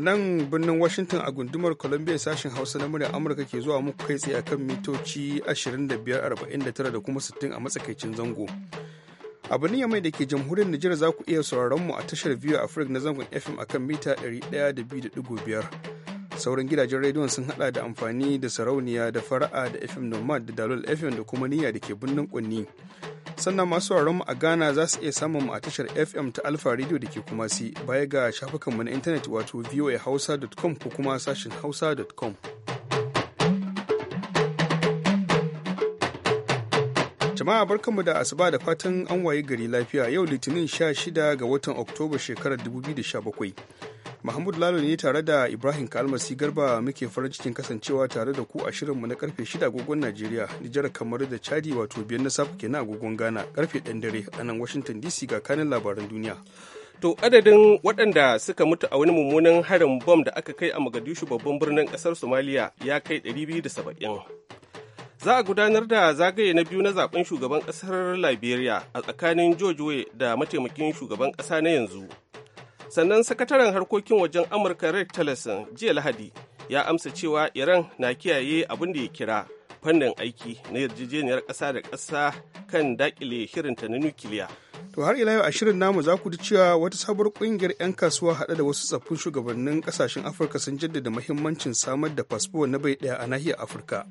daga nan birnin Washington a gundumar Columbia sashen Hausa na muryar Amurka ke zuwa muku kai tsaye akan mitoci 2549 da kuma 60 a matsakaicin zango. abu birnin mai da ke jamhuriyar Nijar za ku iya sauraron mu a tashar biyu a na zangon FM akan mita 102.5. Sauran gidajen rediyon sun hada da amfani da sarauniya da fara'a da FM Nomad da Dalol FM da kuma niyya da ke birnin Kunni. sannan masu mu a Ghana za su iya samun mu a tashar FM ta Alfa Radio da ke kuma si baya ga shafukanmu na intanet wato voahausa.com ko kuma sashin hausa.com. Jama'a barkanmu da asuba da fatan an waye gari lafiya yau litinin 16 ga watan Oktoba shekarar 2017. Mahmud Lalo ne tare da Ibrahim Kalmasi Garba muke farin cikin kasancewa tare da ku a shirinmu na karfe 6 agogon Najeriya, Nijar kamar da Chadi wato biyar na safe kenan agogon Ghana karfe dan dare a nan Washington DC ga kanin labaran duniya. To adadin waɗanda suka mutu a wani mummunan harin bom da aka kai a magadishu babban birnin ƙasar somaliya ya kai 270. za a gudanar da zagaye na biyu na zaben shugaban kasar liberia a tsakanin george way da mataimakin shugaban kasa na yanzu sannan sakataren harkokin wajen amurka rick tillerson jiya lahadi ya amsa cewa iran na kiyaye abin da ya kira fannin aiki na yarjejeniyar ƙasa da ƙasa kan dakile shirinta na nukiliya to har ila yau a shirin namu za ku ji cewa wata sabuwar kungiyar 'yan kasuwa haɗe da wasu tsaffin shugabannin kasashen afirka sun jaddada muhimmancin samar da fasfo na bai daya a nahiyar afirka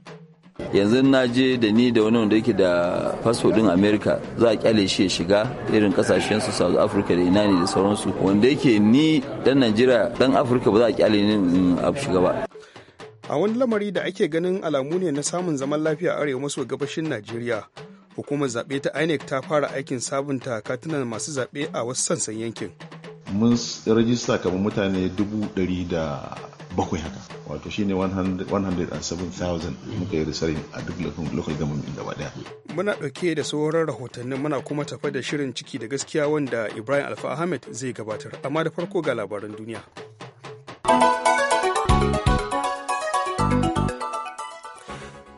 yanzu na je da ni da wani wanda yake da fasfo din america za a kyale shi ya shiga irin kasashen su south africa da ina ne da sauransu wanda yake ni dan najeriya dan afirka ba za a kyale ni in shiga ba a wani lamari da ake ganin alamu ne na samun zaman lafiya arewa maso gabashin najeriya hukumar zaɓe ta inec ta fara aikin sabunta katunan masu zaɓe a wasu sansan yankin mun rajista kamar mutane dubu ɗari da bakwai haka wato shine 107,000 muka yi risarin a duk local government gaba daya muna dauke da sauran rahotannin muna kuma tafa da shirin ciki da gaskiya wanda ibrahim alfa ahmed zai gabatar amma da farko ga labaran duniya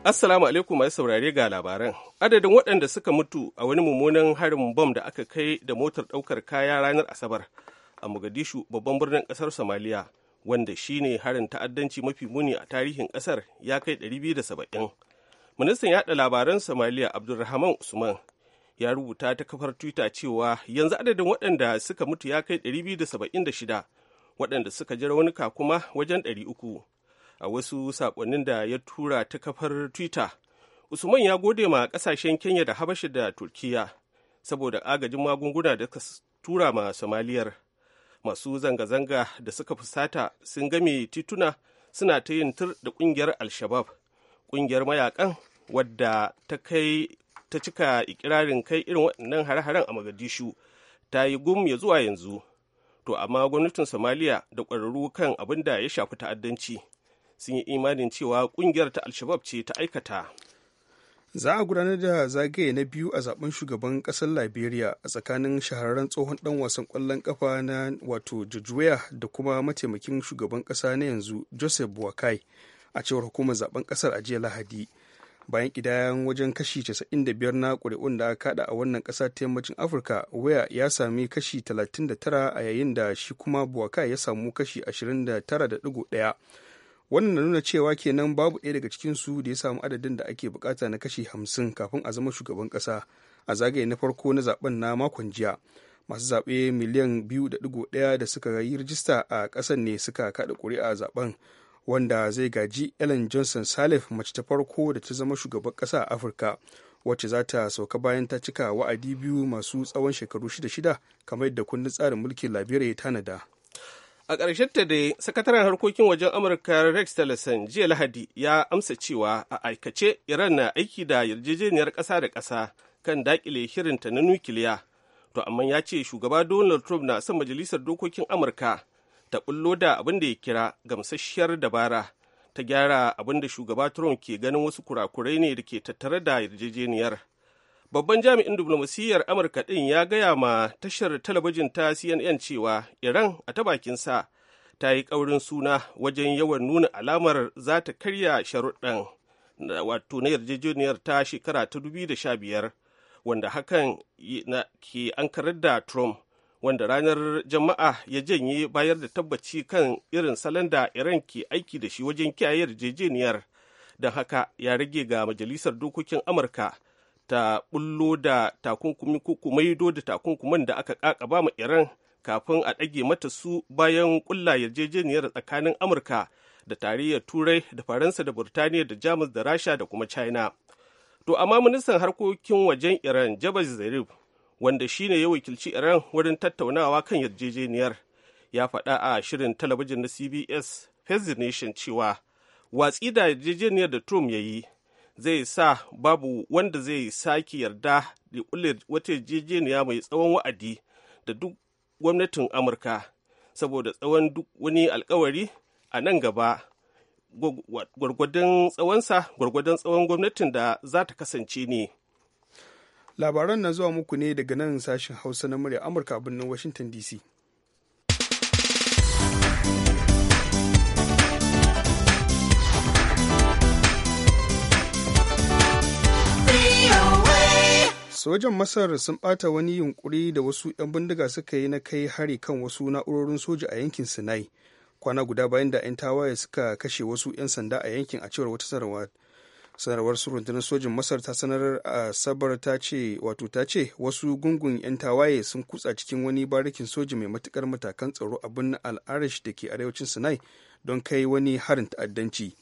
Assalamu alaikum masu saurare ga labaran. Adadin waɗanda suka mutu a wani mummunan harin bom da aka kai da motar ɗaukar kaya ranar Asabar a Mogadishu babban birnin ƙasar Somaliya wanda shine harin ta'addanci mafi muni a tarihin kasar ya kai 270 ministan yada labaran Somalia abdulrahman usman ya rubuta ta kafar twitter cewa yanzu adadin waɗanda suka mutu ya kai 276 waɗanda suka ji raunuka kuma wajen 300 a wasu saƙonnin da ya tura ta kafar twitter usman ya gode ma ƙasashen kenya da Habasha da Turkiyya saboda agajin magunguna da tura ma somaliyar masu zanga-zanga da suka fusata sun game tituna suna ta yin tur da ƙungiyar alshabab shabab ƙungiyar mayakan wadda ta kai ta cika ikirarin kai irin waɗannan har haren a magadishu ta yi gum ya zuwa yanzu to amma gwamnatin somaliya da ƙwararru kan abin da ya shafi ta'addanci sun yi imanin cewa ƙungiyar ta alshabab ce ta aikata za a gudanar da zagaye na biyu a zaben shugaban kasar liberia a tsakanin shahararren tsohon dan wasan kwallon kafa na wato jujuya da kuma mataimakin shugaban kasa na yanzu joseph buakai a cewar hukumar zaben kasar a jiya lahadi bayan kidayan wajen kashi 95 na kuri'un da aka kada a wannan ƙasa ta yammacin afirka waya ya sami kashi 39 a yayin da shi kuma buwaka ya samu kashi 29.1 wannan na nuna cewa kenan babu ɗaya daga cikinsu da ya samu adadin da ake bukata na kashi hamsin kafin a zama shugaban ƙasa a zagaye na farko na zaben na makon jiya masu zaɓe miliyan biyu da digo ɗaya da suka yi rijista a ƙasar ne suka kaɗa ƙuri'a zaben wanda zai gaji ellen johnson salif mace ta farko da ta zama shugaban ƙasa a afirka wacce za ta sauka bayan ta cika wa'adi biyu masu tsawon shekaru shida-shida kamar yadda kundin tsarin mulkin liberia ya tanada A ƙarshen ta dai, sakataren harkokin wajen Amurka Rex Tillerson jiya Lahadi ya amsa cewa a aikace Iran na aiki da yarjejeniyar ƙasa da ƙasa kan daƙile shirinta na nukiliya. To amma ya ce shugaba Donald Trump na son majalisar dokokin Amurka ta ɓullo da abin da ya kira gamsasshiyar dabara ta gyara abin da shugaba Trump ke ganin wasu kurakurai ne da ke tattare da yarjejeniyar. Babban jami'in diflomasiyyar Amurka ɗin ya gaya ma tashar talabijin ta CNN cewa Iran a ta bakinsa ta yi ƙaurin suna wajen yawan nuna alamar za ta karya sharuɗan wato na yarjejeniyar ta shekara ta da 2015 wanda hakan ke ankarar da Trump wanda ranar jama'a ya janye bayar da tabbaci kan irin salon da iran ke aiki da shi wajen kiyaye yarjejeniyar don haka ya rage ga majalisar dokokin amurka ta bullo da takunkumi ko kuma yi da takunkuman da aka ba mu Iran kafin a ɗage mata su bayan ƙulla yarjejeniyar tsakanin Amurka da tarayyar Turai da Faransa da Burtaniya da Jamus da Rasha da kuma China. To amma ministan harkokin wajen Iran jabaz Zarif wanda shine ya wakilci Iran wurin tattaunawa kan yarjejeniyar ya faɗa a shirin talabijin na CBS Face Nation cewa watsi da yarjejeniyar da Trump ya yi zai sa babu wanda zai sake yarda da kulle wata yarjejeniya mai tsawon wa'adi da duk gwamnatin amurka saboda tsawon duk wani alkawari a nan gaba gwargwadon tsawonsa gwargwadon tsawon gwamnatin da za ta kasance ne labaran na zuwa muku ne daga nan sashen hausa na murya amurka a birnin washington dc sojan masar sun bata wani yunkuri da wasu 'yan bindiga suka yi na kai hari kan wasu na'urorin soja a yankin sinai kwana guda bayan da 'yan tawaye suka kashe wasu 'yan sanda a yankin a cewar wata sanarwar rundunar sojin masar ta sanar a sabar ta ce wato ta ce wasu gungun 'yan tawaye sun kutsa cikin wani barikin soji mai matukar matakan tsaro a birnin al'arish da ke arewacin sinai don kai wani harin ta'addanci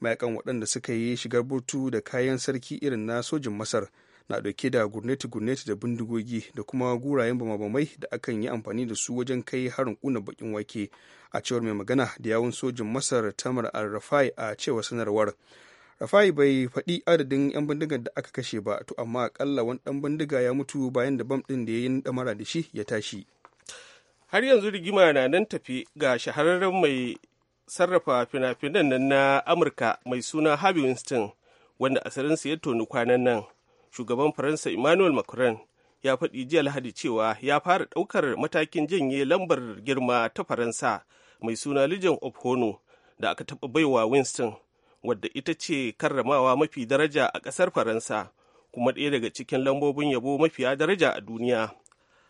mayakan waɗanda suka yi shigar burtu da kayan sarki irin na sojin masar na dauke da gurneti-gurneti da bindigogi da kuma gurayen bamabamai da akan yi amfani da su wajen kai harin kuna bakin wake a cewar mai magana da yawun sojin masar tamar al-rafai a cewa sanarwar rafai bai faɗi adadin 'yan bindigar da aka kashe ba to amma akalla wani ɗan bindiga ya mutu bayan da bam ɗin da ya yi damara da shi ya tashi har yanzu rigima na nan tafi ga shahararren mai sarrafa fina-finan na amurka mai suna harvey winston wanda asirinsa ya toni kwanan nan shugaban faransa emmanuel macron ya faɗi jiya lahadi cewa ya fara ɗaukar matakin janye lambar girma ta faransa mai suna legion of honor da aka taɓa baiwa winston wadda ita ce karramawa mafi daraja a ƙasar faransa kuma ɗaya daga cikin lambobin yabo mafiya daraja a duniya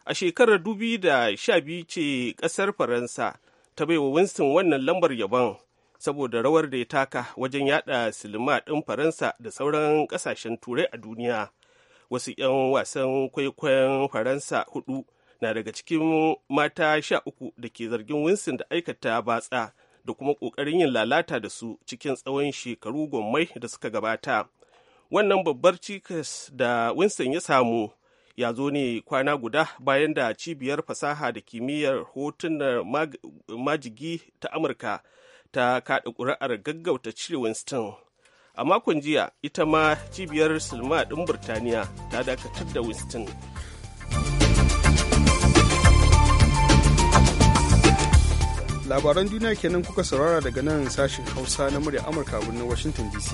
a shekarar dubi da sha biyu ce ƙasar faransa ta baiwa winston wannan lambar yabon saboda rawar da ya taka wajen yada silima ɗin faransa da sauran ƙasashen turai a duniya wasu 'yan wasan kwaikwayon faransa hudu na daga cikin mata sha uku da ke zargin winson da aikata batsa da kuma ƙoƙarin yin lalata da su cikin tsawon shekaru gwammai da suka gabata wannan babbar cikas da winson ya samu ya zo ne kwana guda bayan da cibiyar fasaha da kimiyyar hotunan majigi ta amurka ta kaɗa ƙuri'ar gaggauta cire Winston. A makon jiya, ita ma cibiyar Silma ɗin Burtaniya ta dakatar da Winston. Labaran duniya kenan kuka saurara daga nan sashen Hausa na murya Amurka birnin Washington DC.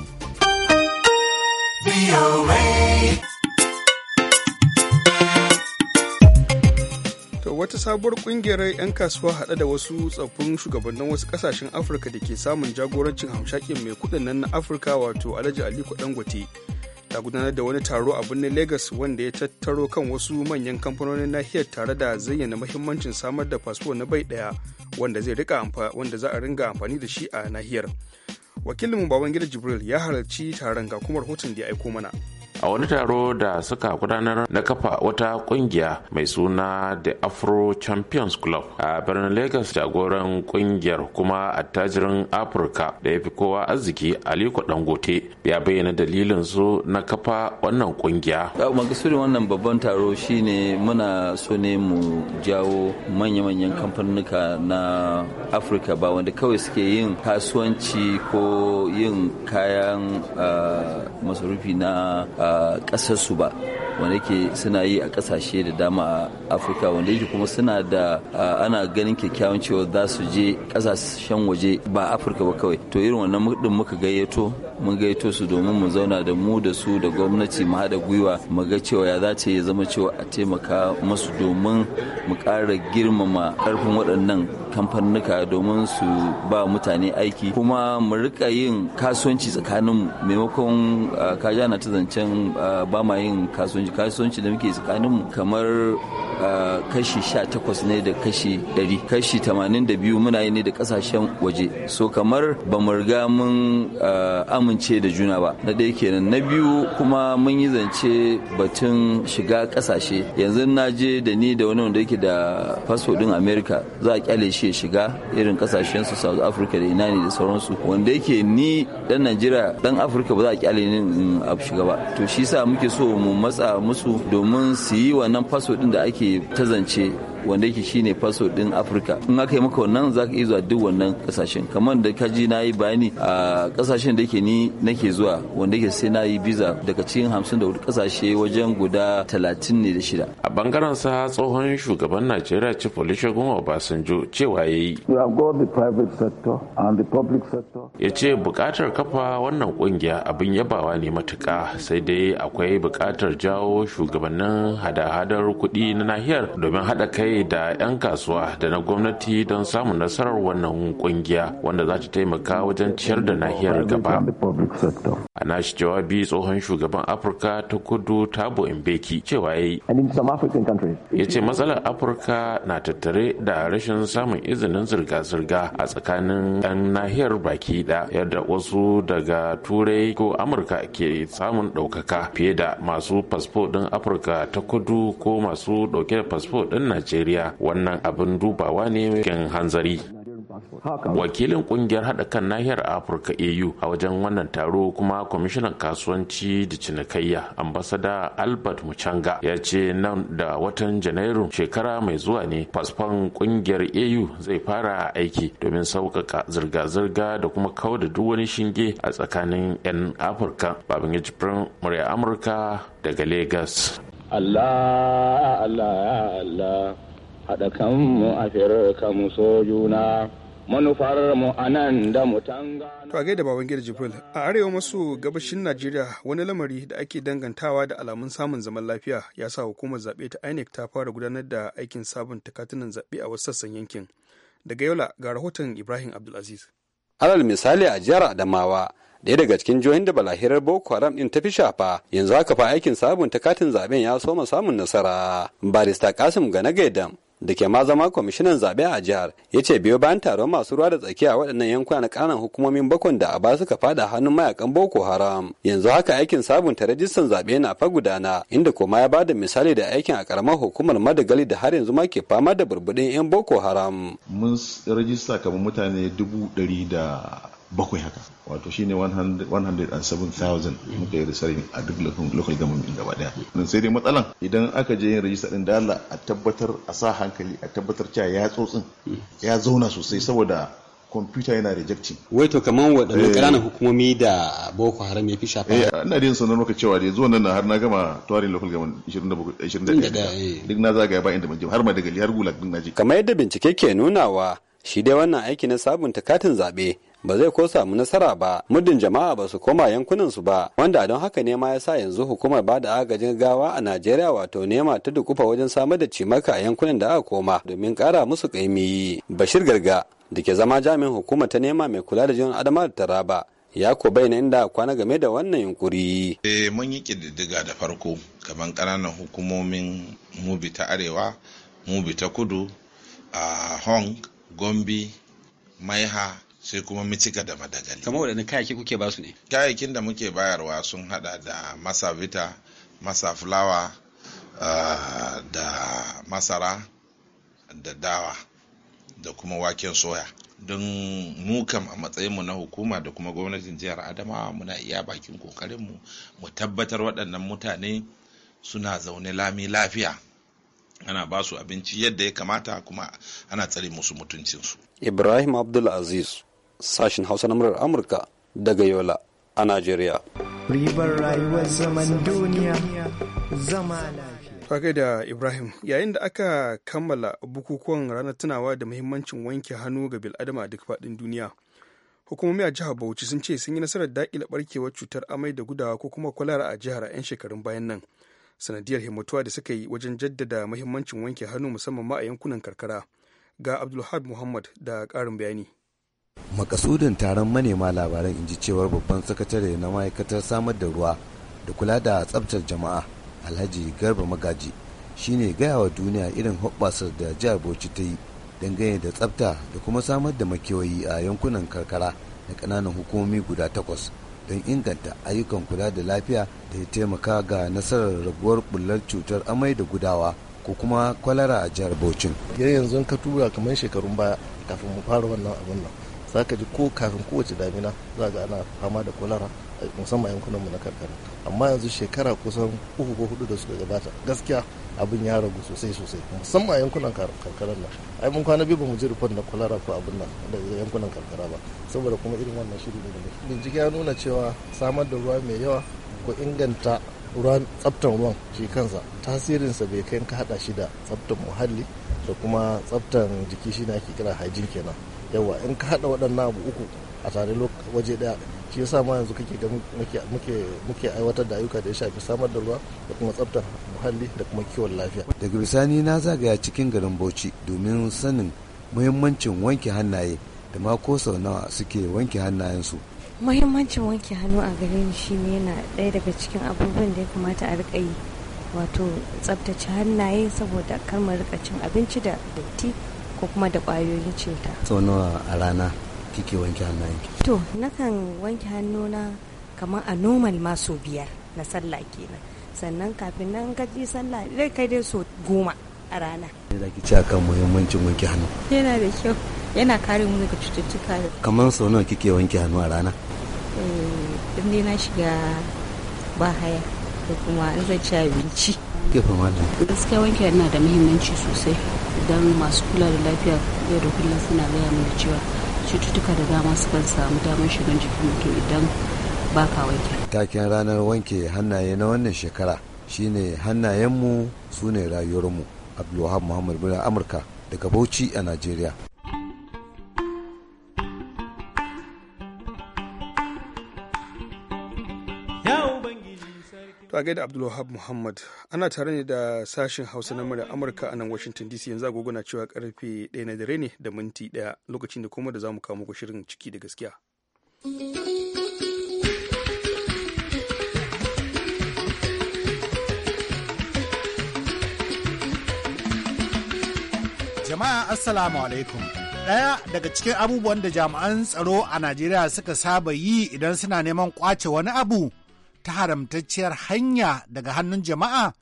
wata sabuwar kungiyar 'yan kasuwa haɗe da wasu tsoffin shugabannin wasu kasashen afirka da ke samun jagorancin hamshakin mai kudin nan na afirka wato alhaji aliko dangote ta gudanar da wani taro a birnin Legas wanda ya tattaro kan wasu manyan kamfanonin nahiyar tare da zayyana mahimmancin samar da fasfo na bai ɗaya wanda zai rika wanda za a ringa amfani da shi a nahiyar wakilinmu babangida jibril ya halarci taron ga kuma rahoton da ya aiko mana a wani taro da suka gudanar na kafa wata kungiya mai suna the afro champions club a birnin lagos jagoran kungiyar kuma attajirin afirka da ya fi kowa arziki aliko dangote ya bayyana dalilin su na kafa wannan kungiya makasudin wannan babban taro shine muna so ne mu jawo manya-manyan kamfanuka na afirka ba wanda kawai suke yin kasuwanci ko yin kayan ah, masarufi na ah, kasarsu ba wanda yake suna yi a kasashe da dama a afirka wanda yake kuma suna da ana ganin kyakkyawan cewa za su je kasashen waje ba afirka ba kawai to irin wannan muɗin muka gayyato mun gaito su domin mu zauna da mu da su da gwamnati mu haɗa gwiwa mu ga cewa ya ce ya zama cewa a taimaka masu domin mu ƙara girmama ƙarfin waɗannan kamfanuka domin su ba mutane aiki kuma mu rika yin kasuwanci tsakaninmu maimakon kaja na ta zancen ba ma yin kasuwanci kasuwanci da muke tsakaninmu kamar kashi 18 ne da kashi 100 kashi 82 muna yi ne da kasashen waje so kamar ba mu riga mun amince amince da juna ba na ɗaya kenan na biyu kuma mun yi zance batun shiga ƙasashe yanzu na je da ni da wani wanda yake da fasfo ɗin amerika za a kyale shi ya shiga irin ƙasashen su south africa da ina ne da sauransu wanda yake ni dan najeriya dan afirka ba za a kyale ni in shiga ba to shi sa muke so mu matsa musu domin su yi wannan fasfo ɗin da ake ta zance wanda yake shine faso din afirka in aka yi maka wannan za ka iya zuwa duk wannan kasashen kamar da ka ji na yi bayani a kasashen da yake ni nake zuwa wanda yake sai na yi biza daga cikin hamsin da hudu kasashe wajen guda talatin ne da shida a bangaren sa tsohon shugaban najeriya chief olusegun obasanjo cewa ya yi ya ce bukatar kafa wannan kungiya abin yabawa ne matuka sai dai akwai bukatar jawo shugabannin hada-hadar kuɗi na nahiyar domin haɗa kai kai da 'yan kasuwa da na gwamnati don samun nasarar wannan kungiya wanda za ta taimaka wajen ciyar da nahiyar gaba a nashi jawabi tsohon shugaban afirka ta kudu tabo mbeki cewa ya yi ya ce matsalar afirka na tattare da rashin samun izinin zirga-zirga a tsakanin 'yan nahiyar baki da yadda wasu daga turai ko amurka ke samun ɗaukaka fiye da masu fasfo ɗin afirka ta kudu ko masu ɗauke da fasfo ɗin najeriya najeriya wannan abin dubawa ne kin hanzari wakilin kungiyar haɗa kan nahiyar afirka au a wajen wannan taro kuma kwamishinan kasuwanci da cinikayya ambasada albert muchanga ya ce nan da watan janairu shekara mai zuwa ne fasfon kungiyar au zai fara aiki domin sauƙaƙa zirga-zirga da kuma kawo da duk wani shinge a tsakanin 'yan afirka babin ya murya amurka daga Legas. haɗa kanmu a firar ka so juna manufar mu nan da mu To a gaida baban gida Jibril a arewa masu gabashin Najeriya wani lamari da ake dangantawa da alamun samun zaman lafiya ya sa hukumar zaɓe ta INEC ta fara gudanar da aikin sabunta katunan zaɓe a wasu sassan yankin. Daga Yola ga rahoton Ibrahim Abdulaziz. Alal misali a jihar Adamawa daya daga cikin jihohin da balahirar boko haram ɗin ta fi shafa yanzu haka fa aikin sabunta katin zaben ya soma samun nasara barista kasim na gaidam da ke ma zama kwamishinan zaɓe a jihar ya ce biyo bayan taron masu ruwa da tsakiya waɗannan yankuna na ƙananan hukumomin bakon da a ba suka fada hannun mayakan boko haram yanzu haka aikin sabunta rajistan zaɓe na fa gudana inda koma ya bada misali da aikin a ƙaramar hukumar madagali da har yanzu ma ke fama da burbuɗin yan boko haram mun rajista kamar mutane dubu ɗari da bakwai haka wato shine 107,000 muka yi risarin a duk local government din gaba daya sai dai matsalan idan aka je yin rajista din dala a tabbatar a sa hankali a tabbatar cewa ya tsotsin ya zauna sosai saboda kwamfuta yana rejecting wai to kaman waɗanne eh. ƙarana hukumomi da boko haram ya fi shafa eh ina da sanar maka cewa da zuwa nan har na gama tawarin local government 21 eh. duk na zagaya ba inda ban je har ma daga har gulag duk na je kamar yadda bincike ke nunawa shi dai wannan aiki na sabunta katin zaɓe ba zai ko samu nasara ba muddin jama'a ba su koma yankunansu ba wanda don haka ne ma ya sa yanzu hukumar ba da agajin gawa a najeriya wato nema ta dukufa wajen samar da cimaka a yankunan da aka koma domin kara musu kaimi bashir garga da ke zama jami'in hukumar ta nema mai kula da jin adama da taraba ya ko bayyana inda kwana game da wannan yunkuri. Eh mun yi kididdiga da farko kamar ƙananan hukumomin mubi ta arewa mubi ta kudu a hong gombe maiha sai kuma micika da madagali kamar wadannan kayayyaki kuke ba su ne kayayyakin da muke bayarwa sun hada da masa vita masa fulawa ah, da masara da dawa da kuma waken soya don mu kam a matsayinmu na hukuma da kuma gwamnatin jihar adamawa muna iya bakin kokarinmu mu tabbatar waɗannan mutane suna zaune lami lafiya ana ba su abinci yadda ya kamata kuma ana tsare musu mutuncinsu ibrahim abdulaziz sashen hausa na murar amurka daga yola a najeriya ribar rayuwar zaman duniya zama lafiya da ibrahim yayin da aka kammala bukukuwan ranar tunawa da muhimmancin wanke hannu ga a duk faɗin duniya hukumomi a jihar bauchi sun ce sun yi nasarar daƙile barkewar cutar amai da gudawa ko kuma kwalara a jihar a 'yan shekarun bayan nan sanadiyar himmatuwa da suka yi wajen jaddada muhimmancin wanke hannu musamman ma a yankunan karkara ga abdulhad muhammad da ƙarin bayani makasudin taron manema labaran inji ji cewar babban sakatare na ma'aikatar samar da ruwa da kula da tsabtar jama'a alhaji garba magaji shine gaya wa duniya irin hoɓɓasar da jihar bauchi ta yi dangane da tsabta da kuma samar da makewayi a yankunan karkara da ƙananan hukumomi guda takwas don inganta ayyukan kula da lafiya da ya taimaka ga nasarar raguwar bullar cutar amai da gudawa ko kuma kwalara a jihar bauchi yanzu ka tura kamar shekarun baya kafin mu fara wannan abin nan za ka ji ko kafin kowace damina za ga ana fama da kwalara musamman yankunanmu na karkara amma yanzu shekara kusan uku ko hudu da suka gabata gaskiya abin ya ragu sosai sosai musamman yankunan karkarar nan ai mun kwana biyu ba mu ji rufar na kwalara ko abin nan da yankunan karkara ba saboda kuma irin wannan shiri ne da bincike ya nuna cewa samar da ruwa mai yawa ko inganta ruwan tsaftan ruwan shi kansa tasirinsa bai kai ka hada shi da tsabtan muhalli da kuma tsaftan jiki shi ne ake kira hygiene kenan yawa in ka hada waɗannan abu uku a tare waje ɗaya shi yasa ma yanzu kake ga muke aiwatar da ayyuka da ya shafi samar da ruwa da kuma tsaftar muhalli da kuma kiwon lafiya daga bisani na zagaya cikin garin bauchi domin sanin muhimmancin wanke hannaye da ma ko sau nawa suke wanke hannayensu muhimmancin wanke hannu a gare ni shine yana daya daga cikin abubuwan da ya kamata a riƙa yi wato tsabtace hannaye saboda kar mu cin abinci da datti ko kuma da ƙwayoyin cuta so nawa a rana kike wanke hannayenki to nakan wanke hannuna kamar a normal ma biyar na sallah kenan sannan kafin nan gaji sallah zai kai dai so goma a rana ne da ke ci kan muhimmancin wanke hannu yana da kyau yana kare mu daga cututtuka kamar sau nawa kike wanke hannu a rana eh na shiga bahaya ko kuma in zai ci abinci fama da. gaskiya wanke yana da muhimmanci sosai idan masu kula da lafiya yau da kullum suna gaya mana cewa cututtuka da dama sukan samu damar shigan jikin mutum idan ba ka wanke. Taken ranar wanke hannaye na wannan shekara shine hannayenmu su ne rayuwarmu. Abdulwahab Muhammad Bula Amurka daga Bauchi a Najeriya. a gaida Abdulwahab Muhammad ana tare ne da sashen Hausa na murya Amurka a nan Washington DC yanzu agogo cewa karfe 1 na dare ne da minti 1 lokacin da kuma da zamu kawo shirin ciki da gaskiya. Jama'a Assalamu alaikum. Ɗaya daga cikin abubuwan da jami'an tsaro a Najeriya suka saba yi idan suna neman kwace wani abu ta haramtacciyar hanya daga hannun jama'a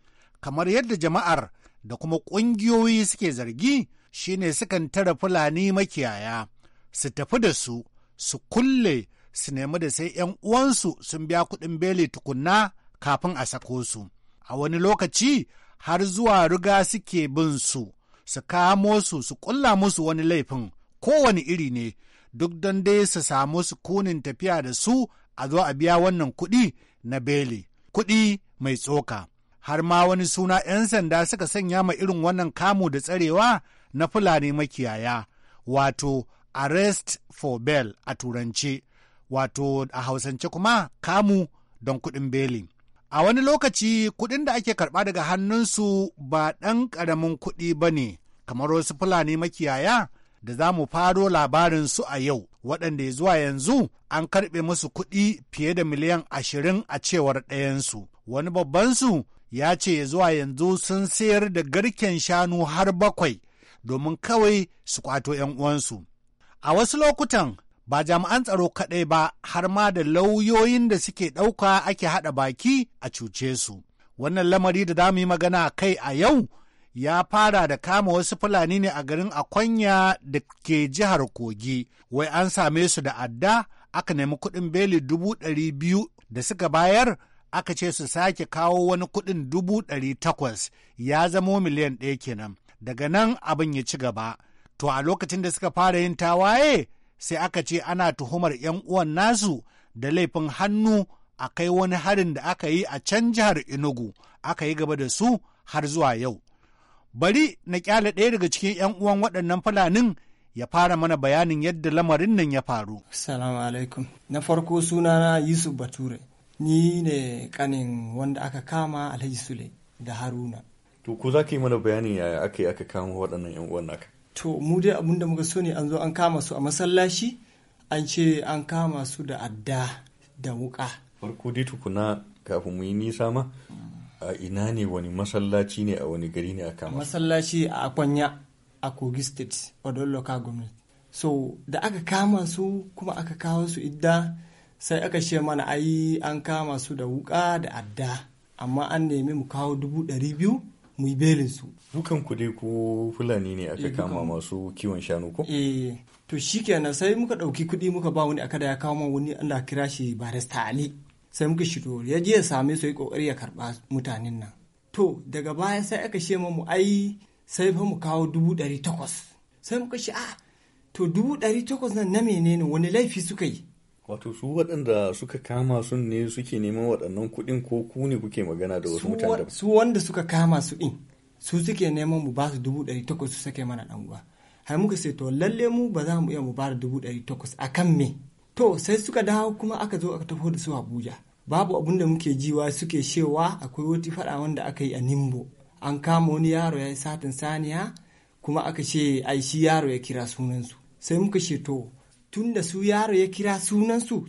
kamar yadda jama'ar da kuma ƙungiyoyi suke zargi shine sukan tara fulani makiyaya su tafi da su su kulle su nemi da sai 'yan uwansu sun biya kuɗin beli tukunna kafin a sako su a wani lokaci har zuwa riga suke bin su su kamo su su ƙulla musu wani laifin kowane iri ne duk don dai su samu su kunin tafiya da su a zo a biya wannan kuɗi na beli kuɗi mai tsoka har ma wani suna 'yan sanda suka sanya ma irin wannan kamu da tsarewa na fulani makiyaya wato arrest for bail a turance wato a hausance kuma kamu don kuɗin beli a wani lokaci kuɗin da ake karɓa daga hannunsu ba ɗan ƙaramin kuɗi ba ne kamar wasu fulani makiyaya da za mu faro labarin su a yau waɗanda zuwa yanzu an karɓe musu kuɗi fiye da miliyan ashirin a cewar ɗayansu. Wani babbansu ya ce zuwa yanzu sun sayar da garken shanu har bakwai domin kawai su kwato 'yan uwansu. A wasu lokutan ba jami'an tsaro kaɗai ba har ma da lauyoyin da suke ɗauka ake haɗa baki a cuce su. Wannan lamari da yi magana kai a yau ya fara da kama wasu Fulani ne a garin Akonya da ke jihar Kogi, wai an same su da adda aka nemi kuɗin beli dubu ɗari biyu da suka bayar aka ce su sake kawo wani kuɗin dubu ɗari takwas ya zamo miliyan ɗaya kenan. Daga nan abin ya ci gaba. To a lokacin da suka fara yin tawaye sai aka ce ana tuhumar 'yan uwan nasu da laifin hannu a kai wani harin da aka yi a can jihar Enugu aka yi gaba da su har zuwa yau. bari na kyale ɗaya daga cikin 'yan uwan waɗannan fulanin ya fara mana bayanin yadda lamarin nan ya faru. Assalamu alaikum. Na farko sunana Yusuf Bature. Ni ne kanin wanda aka kama Alhaji Sule da Haruna. To ko za ka yi mana bayanin yaya aka yi aka kama waɗannan 'yan uwan naka? To mu dai abin da muka so ne an zo an kama su a masallaci an ce an kama su da adda da wuƙa. Farko dai tukuna kafin mu yi nisa ma a ina ne wani masallaci ne a wani gari ne a kama. masallaci a akwanya a kogi state odon local government so da aka kama su kuma aka kawo su idda sai aka ce mana ayi an kama su da wuka da adda amma an nemi mu kawo dubu ɗari biyu mu yi belin su dukan ku dai ko fulani ne aka eh, kama masu kiwon shanu ko eh to shikenan sai muka ɗauki kuɗi muka ba wani da ya kawo wani Allah kira shi barista ali sai muka shigo ya je ya same su ya kokari ya karba mutanen nan to daga baya sai aka ce mu ai sai fa mu kawo dubu ɗari takwas sai muka ce a to dubu ɗari takwas nan na menene wani laifi suka yi wato su waɗanda suka kama sun ne suke neman waɗannan kuɗin ko ku ne kuke magana da wasu mutane su wanda suka kama su ɗin su suke neman mu ba su dubu ɗari takwas su sake mana ɗan uwa har muka ce to lalle mu ba za mu iya mu ba da dubu ɗari takwas a kan me to sai suka dawo kuma aka zo aka tafi da su abuja babu abin da muke jiwa suke cewa akwai wata fada wanda aka yi a nimbo an kama wani yaro ya yi satin saniya kuma aka ce ai shi yaro ya kira sunansu sai muka ce to tun da su yaro ya kira sunansu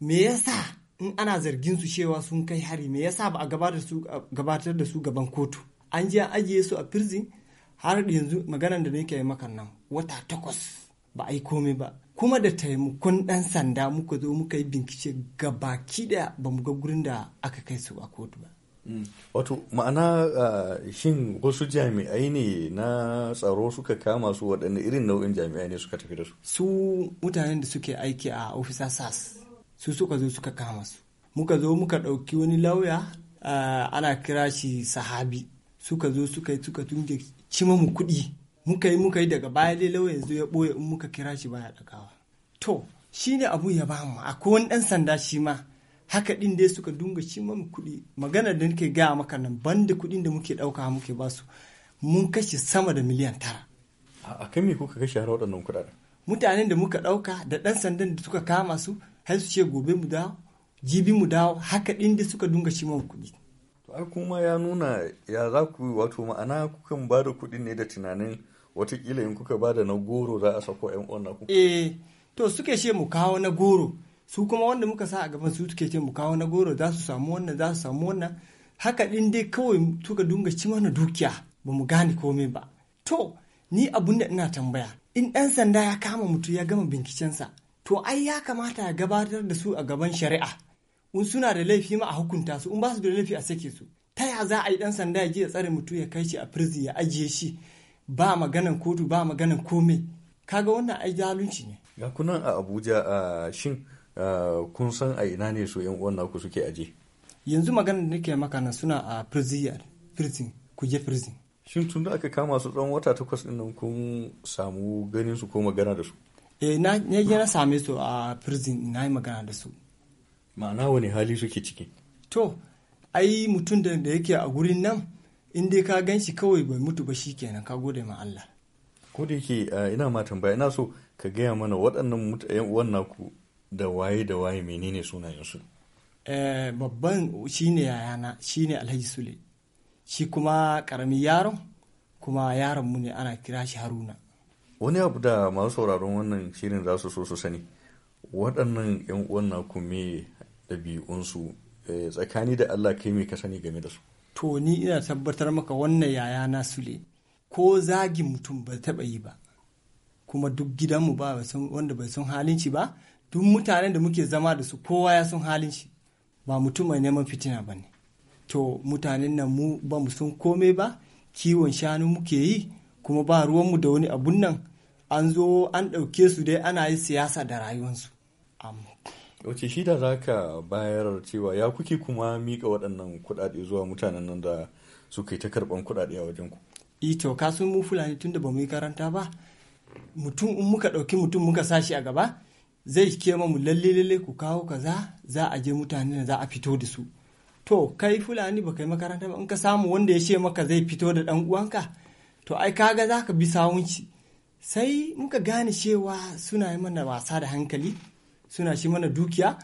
me yasa in ana zargin su cewa sun kai hari me yasa ba a gabatar da su gaban kotu an ji an ajiye su a firzin har yanzu maganar da nake yi maka nan wata takwas ba a yi komai ba kuma da taimakon ɗan sanda muka zo muka yi bincike ga baki da ba mu ga gurin da aka kai su a kotu ba. Mm. Wato ma'ana ah, shin wasu jami'ai ne na tsaro suka kama su waɗanne irin nau'in jami'ai ne suka tafi da su? Su mutanen da suke aiki a ofisa SAS su suka zo suka kama su. Muka zo muka ɗauki wani lauya ah, ana kira shi sahabi suka zo suka yi suka tunge cima mu kuɗi muka yi muka yi daga baya dai lauyan yanzu ya ɓoye in muka kira shi baya ɗagawa to shi ne abu ya ba mu akwai wani ɗan sanda shi ma haka ɗin dai suka dunga shi ma kuɗi magana da nake gaya maka nan banda kuɗin da muke ɗauka muke basu mun kashe sama da miliyan tara a kan me kuka kashe har waɗannan kuɗaɗen mutanen da muka ɗauka da ɗan sandan da suka kama su har su ce gobe mu dawo jibi mu dawo haka ɗin dai suka dunga shi ma kuɗi. ai kuma ya nuna ya za ku wato ma'ana kukan ba da kuɗi ne da tunanin watakila in kuka bada na goro za a sako yan uwan naku eh to suke ce mu kawo na goro su kuma wanda muka sa a gaban su suke ce mu kawo na goro za su samu wannan za su samu wannan haka din dai kawai suka dunga ci mana dukiya ba mu gane komai ba to ni abun da ina tambaya in ɗan sanda ya kama mutu ya gama bincikensa to ai ya kamata ya gabatar da su a gaban shari'a in suna da laifi ma a hukunta su in ba su da laifi a sake su ta ya za a yi ɗan sanda ya je ya tsare mutum ya kai shi a firzi ya ajiye shi ba maganan kotu ba maganan komai kaga wannan ai zalunci ne ga kunan a abuja a shin kun san a ina ne su yan uwan naku suke aje yanzu maganar da nake maka nan suna a prison ku je prison shin tun da aka kama su tsawon wata takwas din nan kun samu ganin su ko magana da su eh na ne na same su a prison Ina yi magana da su ma'ana wani hali suke ciki to ai mutum da yake a gurin nan in dai ka gan shi kawai bai mutu ba shi kenan ka gode ma Allah ko da yake ina ma tambaya ina so ka gaya mana waɗannan yan uwan naku da waye da waye menene sunayensu eh, babban shine yayana shine Alhaji Sule shi kuma karamin yaron kuma yaron mu ne ana kira shi Haruna wani abu da masu sauraron wannan shirin za su so su sani waɗannan yan uwan naku me ɗabi'unsu eh, tsakani da Allah kai me ka sani game da su to ni ina tabbatar maka wannan yaya na sule ko zagin mutum ba taɓa yi ba kuma duk gidanmu ba wanda bai sun halin ba duk mutanen da muke zama da su kowa ya sun halinci ba mutum mai neman fitina ba ne to mutanen nan mu ba mu sun komai ba kiwon shanu muke yi kuma ba ruwanmu da wani abun nan an zo an ɗauke su dai ana yi siyasa da rayuwansu wace shida za ka bayar cewa ya kuke kuma mika waɗannan kuɗaɗe zuwa mutanen nan da suka yi ta karɓan kuɗaɗe a wajen ku ito e, ka sun mu fulani tunda ba mu yi karanta ba mutum in muka ɗauki mutum muka sashi a gaba zai kema mu lalle lalle ku kawo kaza za a je mutane da za a fito da su to kai fulani ba kai makaranta ba in ka samu wanda ya ce maka zai fito da ɗan uwanka to ai kaga za ka bi sawunci sai muka gane cewa suna yi mana wasa da hankali suna shi mana dukiya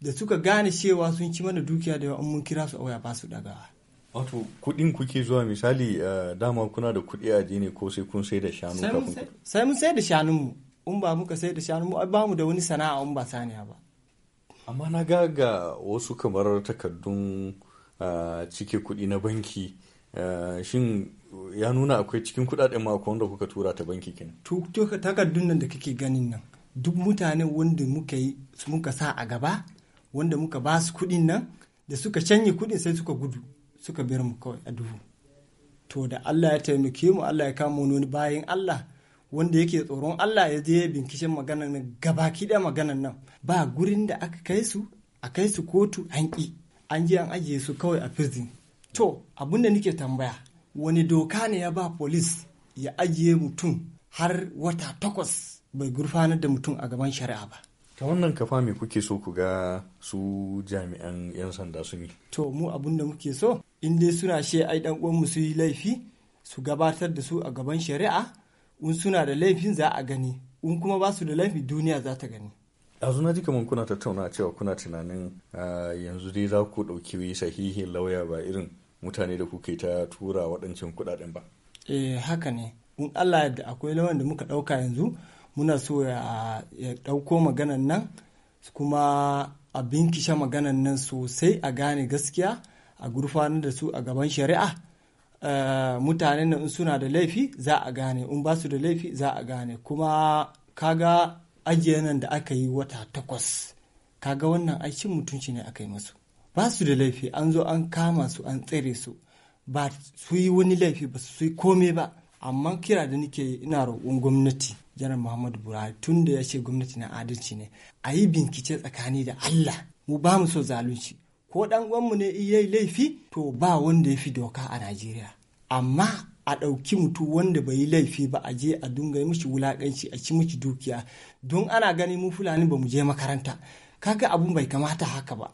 da suka gane cewa sun ci mana dukiya da yawa mun kira su a waya ba su dagawa wato kuɗin kuke zuwa misali eh, dama kuna da kuɗi a ne ko sai kun sai da shanu sai mun sai da mu. in ba muka sai da mu ai ba mu da wani sana'a in ba saniya ba amma na ga ga wasu kamar takardun eh, cike kuɗi na banki eh, shin ya nuna akwai cikin kuɗaɗen ma wanda kuka tura ta banki kenan takardun nan da kake ganin nan duk mutanen wanda muka yi muka sa a gaba wanda muka ba su kudin nan da suka canye kuɗin sai suka gudu suka bar mu kawai a duhu to da Allah ya taimake mu Allah ya kama wani bayan Allah wanda yake tsoron Allah ya je binkishin maganar nan gaba kiɗa maganar nan ba gurin da aka kai su a kai su kotu an ƙi an je an ajiye su kawai a prison to abin da nake tambaya wani doka ne ya ba police ya ajiye mutum har wata takwas bai gurfanar da mutum a gaban shari'a ba ta wannan kafa me kuke so ku ga su jami'an 'yan sanda sun yi to mu abin da muke so in dai suna she ai dan uwan su yi laifi su gabatar da su a gaban shari'a in suna da laifin za a gani in kuma ba su da laifi duniya za ta gani yanzu na ji kamar kuna tattauna cewa kuna tunanin yanzu dai za ku ɗauki sahihin lauya ba irin mutane da kuke ta tura waɗancan kuɗaɗen ba eh haka ne in allah yadda akwai lawan da muka ɗauka yanzu muna so ya ɗauko maganan nan kuma a binkisha maganan nan sosai a gane gaskiya a gurfanar da su a gaban shari'a eh, mutanen nan suna da laifi za a gane in ba su da laifi za a gane kuma kaga ajiye nan da aka yi wata takwas kaga wannan aikin mutunci ne aka yi masu ba su da laifi an zo an kama su an tsere su ba su yi wani laifi ba su yi komai ba amma kira da nake ina roƙon gwamnati janar muhammadu buhari tun da ya ce gwamnati na adalci ne a yi bincike tsakani da allah mu ba mu so zalunci ko dan uwanmu ne iya laifi to ba wanda ya fi doka a najeriya amma a ɗauki mutu wanda bai yi laifi ba a je a dunga mishi wulaƙanci a ci mishi dukiya don ana gani mu fulani ba mu je makaranta kaga abun bai kamata haka ba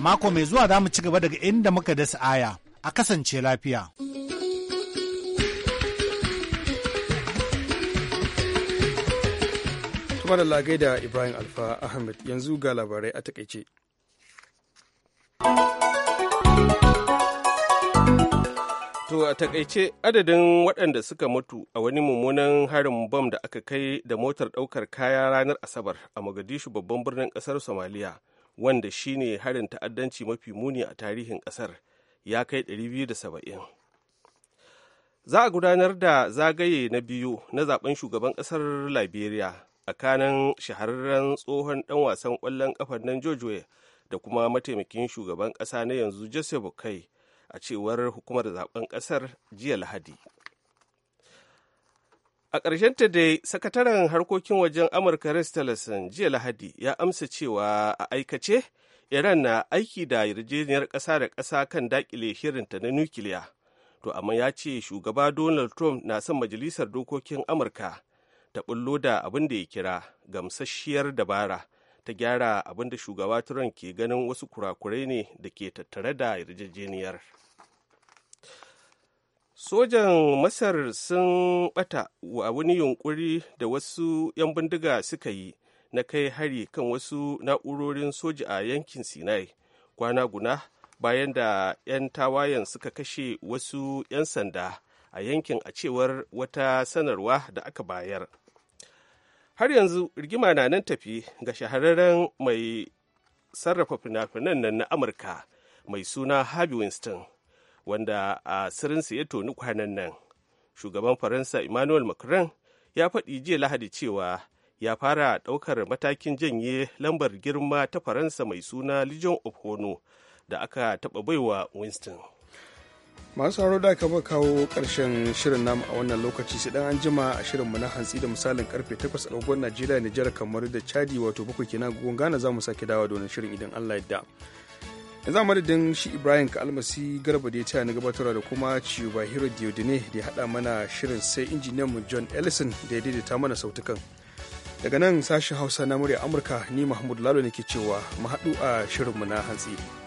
A mako mai zuwa zamu ci gaba daga inda muka dasa aya. A kasance lafiya. kuma da lagai da Ibrahim Alfa Ahmed yanzu ga labarai a takaice. To a takaice adadin waɗanda suka mutu a wani mummunan harin bom da aka kai da motar ɗaukar kaya ranar Asabar a Mogadishu babban birnin ƙasar Somaliya wanda shine harin ta'addanci mafi muni a tarihin ƙasar ya kai 270 za a gudanar da zagaye na biyu na zaben shugaban ƙasar liberia tsakanin shahararren tsohon ɗan wasan ƙwallon ƙafar nan george da kuma mataimakin shugaban ƙasa na yanzu joseph kai a cewar hukumar zaben ƙasar jiya lahadi A ta dai, sakataren harkokin wajen Amurka Rex Tillerson jiya Lahadi ya amsa cewa a aikace, Iran na aiki da yarjejeniyar ƙasa da ƙasa kan daƙile shirinta na nukiliya. To, amma ya ce shugaba Donald Trump na son majalisar dokokin Amurka ta bullo da abin da ya kira gamsasshiyar dabara ta gyara abin da shugaba Trump ke ganin wasu kurakurai ne da ke tattare da yarjejeniyar. sojan masar sun bata wa wani yunkuri da wasu 'yan bindiga suka yi na kai hari kan wasu na'urorin soja a yankin sinai kwana guna bayan da 'yan tawayen suka kashe wasu 'yan sanda a yankin a cewar wata sanarwa da aka bayar har yanzu rigima na nan tafi ga shahararren mai sarrafa fina-finan nan na amurka mai suna harvey winston wanda a sirinsa ya toni kwanan nan shugaban faransa emmanuel macron ya faɗi jiya lahadi cewa ya fara ɗaukar matakin janye lambar girma ta faransa mai suna legion of honor da aka taɓa baiwa winston masu haro da aka kawo ƙarshen shirin namu a wannan lokaci sai dan an jima a shirinmu na hantsi da misalin karfe 8 agogon najeriya nijar kamar da chadi wato bakwai kenan agogon ghana za mu sake dawa da shirin idan allah ya da yanzu madadin shi ibrahim ka almasi garba da ya taya na gabatarwa da kuma ciwa hero diodine da ya haɗa mana shirin sai injiniyanmu john ellison da ya daidaita mana sautukan daga nan sashen hausa na murya amurka ni mahmud lalo ne ke cewa mu haɗu a mu na hantsi